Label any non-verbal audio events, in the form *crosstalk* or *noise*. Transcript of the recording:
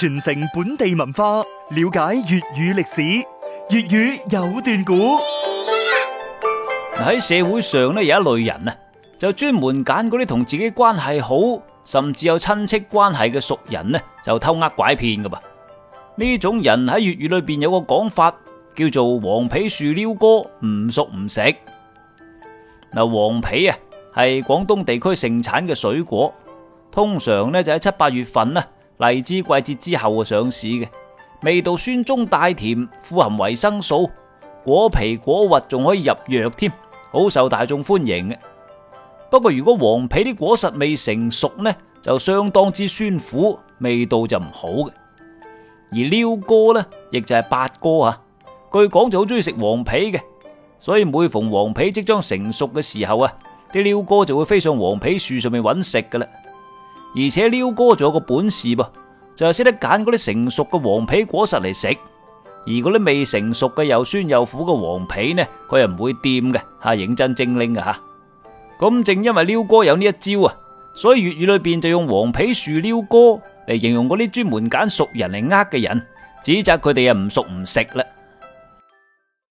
傳承本地文化，了解粵語歷史，粵語有段古。喺 *laughs* 社會上咧，有一類人啊，就專門揀嗰啲同自己關係好，甚至有親戚關係嘅熟人咧，就偷呃拐騙噶噃。呢種人喺粵語裏邊有個講法，叫做黃皮樹鷯哥，唔熟唔食。嗱，黃皮啊，係廣東地區盛產嘅水果，通常呢就喺七八月份啊。荔枝季節之後啊上市嘅，味道酸中帶甜，富含維生素，果皮果核仲可以入藥添，好受大衆歡迎嘅。不過如果黃皮啲果實未成熟呢，就相當之酸苦，味道就唔好嘅。而鷯哥呢，亦就係八哥啊，據講就好中意食黃皮嘅，所以每逢黃皮即將成熟嘅時候啊，啲鷯哥就會飛上黃皮樹上面揾食噶啦。而且鷯哥仲有個本事噃，就係、是、識得揀嗰啲成熟嘅黃皮果實嚟食，而嗰啲未成熟嘅又酸又苦嘅黃皮呢，佢係唔會掂嘅，吓、啊、認真精靈嘅吓。咁、啊、正因為鷯哥有呢一招啊，所以粵語裏邊就用黃皮樹鷯哥嚟形容嗰啲專門揀熟，熟人嚟呃嘅人，指責佢哋啊唔熟唔食啦。